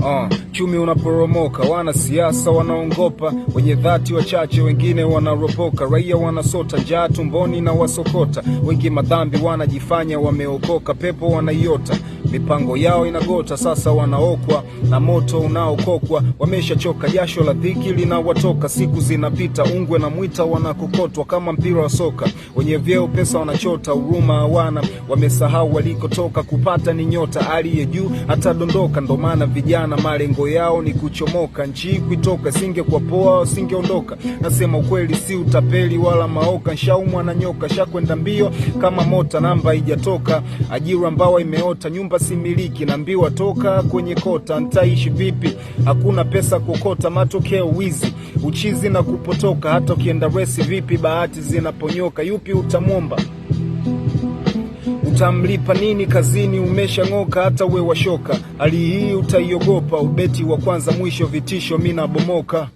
uh, ah, chumi unaporomoka, wanasiasa wanaongopa, wenye dhati wachache, wengine wanaropoka, raia wanasota njaa tumboni na wasokota, wengi madhambi wanajifanya wameokoka, pepo wanaiota mipango yao inagota, sasa wanaokwa na moto unaokokwa, wameshachoka, jasho la dhiki linawatoka, siku zinapita, ungwe na mwita wanakokotwa kama mpira wa soka, wenye vyeo pesa wanachota, huruma hawana, wamesahau walikotoka, kupata ni nyota, aliye juu atadondoka. Ndo maana vijana malengo yao ni kuchomoka, nchi kuitoka, kwa poa wasingeondoka. Nasema ukweli, si utapeli wala maoka, nshaumwa na nyoka, shakwenda mbio kama mota, namba ijatoka ajira mbawa imeota, nyumba similiki, na mbiwa toka kwenye kota. Ntaishi vipi? Hakuna pesa kokota, matokeo wizi, uchizi na kupotoka. Hata ukienda resi vipi, bahati zinaponyoka. Yupi utamwomba utamlipa nini? Kazini umeshang'oka, hata we washoka. Hali hii utaiogopa, ubeti wa kwanza mwisho, vitisho mina bomoka.